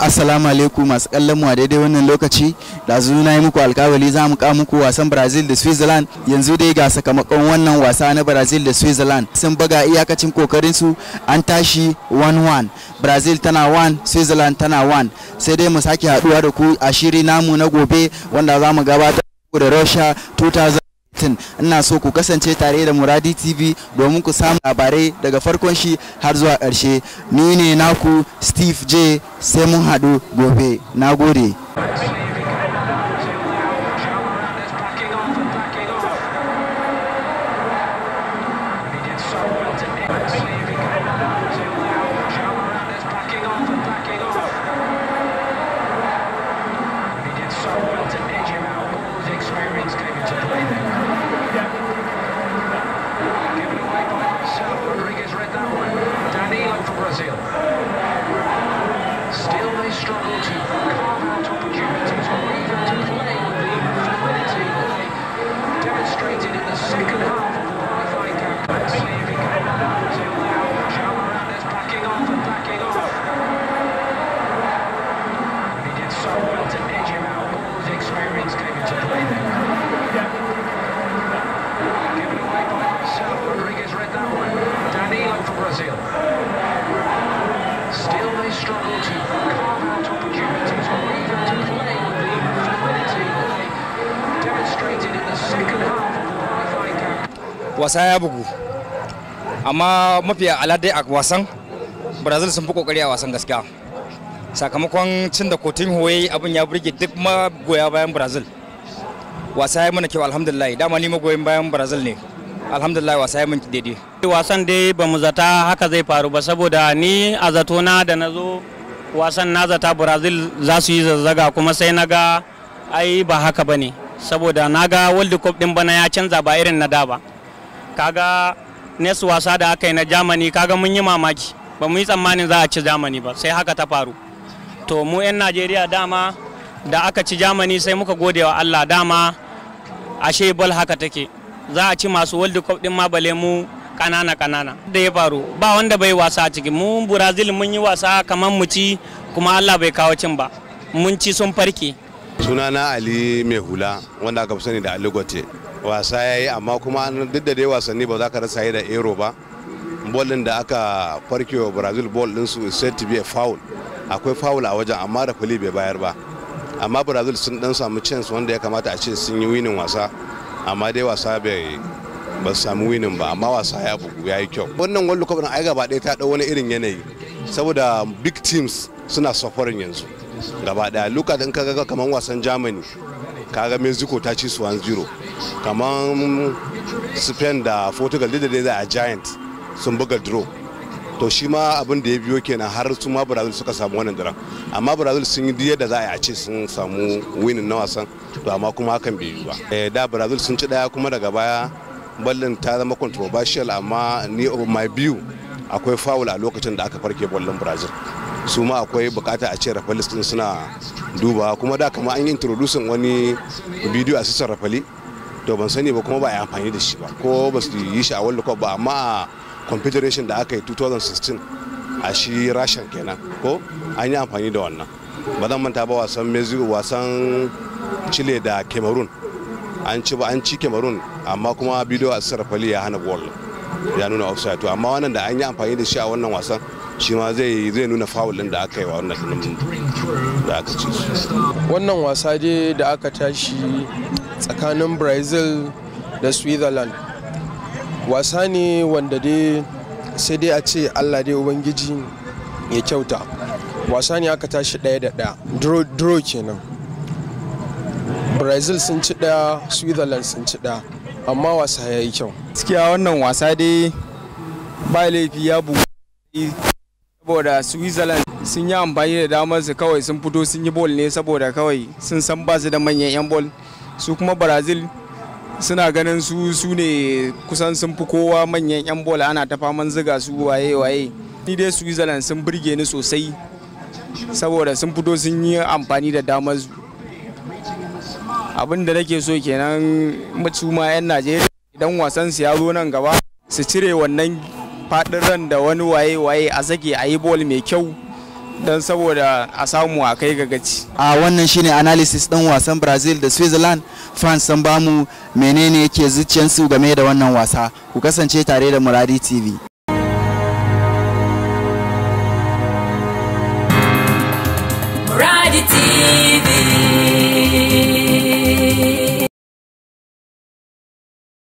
Assalamu alaikum masu kallon mu a daidai wannan lokaci da na yi muku alkawali za mu kawo muku wasan Brazil da Switzerland yanzu dai ga sakamakon wannan wasa na Brazil da Switzerland sun buga iyakacin kokarin su an tashi 1-1 Brazil tana 1 Switzerland tana 1 sai dai mu sake haduwa da ku a shiri namu na gobe wanda za mu gabatar da Russia 2000 tun ina so ku kasance tare da muradi tv domin ku samu labarai daga farkon shi har zuwa ƙarshe ni ne naku steve j sai mun haɗu gobe na gode wasa ya bugu amma mafi aladai a wasan brazil sun fi kokari a wasan gaskiya sakamakon cin da kotun hoyi abin ya burge duk magoya bayan brazil wasa ya mana kyau alhamdulillah dama ni magoyin bayan brazil ne alhamdulillah wasa ya minti daidai wasan dai ba mu zata haka zai faru ba saboda ni a zatona da na zo wasan na zata brazil za su yi zazzaga kuma sai na ga ai ba haka ba ne saboda na ga world cup din bana ya canza ba irin na da ba kaga nes wasa da aka yi na jamani kaga mun yi mamaki ba mu yi tsammanin za a ci jamani ba sai haka ta faru to mu 'yan najeriya dama da aka ci jamani sai muka gode wa allah dama ashe bal haka take za a ci masu world cup din ma bale mu kanana kanana da ya faru ba wanda bai wasa a ciki mu brazil mun yi wasa kamar mu ci kuma allah bai kawo cin ba mun ci sun farke sunana ali mai hula wanda aka fi sani da ali wasa ya yi amma kuma duk da dai wasanni ba za ka rasa yi da ero ba bolin da aka farke wa brazil bol din is said to be a foul akwai foul a wajen amma da fili bai bayar ba amma brazil sun dan samu chance wanda ya kamata a ce sun yi winin wasa amma dai wasa bai ba samu winin ba amma wasa ya bugu ya yi kyau wannan world cup din ai gaba ɗaya ta ɗau wani irin yanayi saboda big teams suna suffering yanzu gaba ɗaya luka ka ga kamar wasan germany kaga mexico ta ci su 1-0 kamar spain da portugal da dai a giant sun buga draw to shi ma abin da ya biyo kenan har su ma brazil suka samu wannan daren amma brazil sun yi yadda za a yi a ce sun samu winin na wasan to amma kuma hakan bai yi ba eh, da brazil sun ci daya kuma daga baya ballin ta zama controversial amma ni of my view akwai fawul a lokacin da aka farke bollon brazil su ma akwai bukata a ce rafalis din suna duba kuma da kama an yi introducing wani bidiyo a sassan rafali to ban sani ba kuma ba a yi amfani da shi ba ko ba su yi shi a world cup ba amma a confederation da aka yi 2016 a shi rashin kenan ko an yi amfani da wannan ba zan manta ba wasan mexico wasan chile da cameroon an ci ba an ci cameroon amma kuma bidiyo a sassan rafali ya hana gol ya nuna offside to amma wannan da an yi amfani da shi a wannan wasan shi ma zai zai nuna foul din da aka yi wa wannan din da aka ci wannan wasa dai da aka tashi tsakanin Brazil da Switzerland wasa ne wanda dai sai dai a ce Allah dai ubangiji ya kyauta wasa ne aka tashi ɗaya da ɗaya draw kenan brazil sun ci ɗaya switzerland sun ci ɗaya amma wasa ya yi kyau gaskiya wannan wasa dai ba laifi ya bugu saboda switzerland sun yi amfani da damar su kawai sun fito sun yi bol ne saboda kawai sun san ba su da manyan 'yan bol su kuma brazil suna ganin su su ne kusan sun fi kowa manyan 'yan bol ana ta faman ziga su waye waye ni dai switzerland sun birge ni sosai saboda sun fito sun yi amfani da damar su abin da nake so kenan mutu ma 'yan najeriya idan wasan su ya zo nan gaba su cire wannan faɗin ran da wani waye-waye a zage a yi bol mai kyau don saboda a samu a kai gaci. a wannan shine analysis ɗin wasan brazil da switzerland france san bamu menene yake zuciyarsu game da wannan wasa ku kasance tare da muradi tv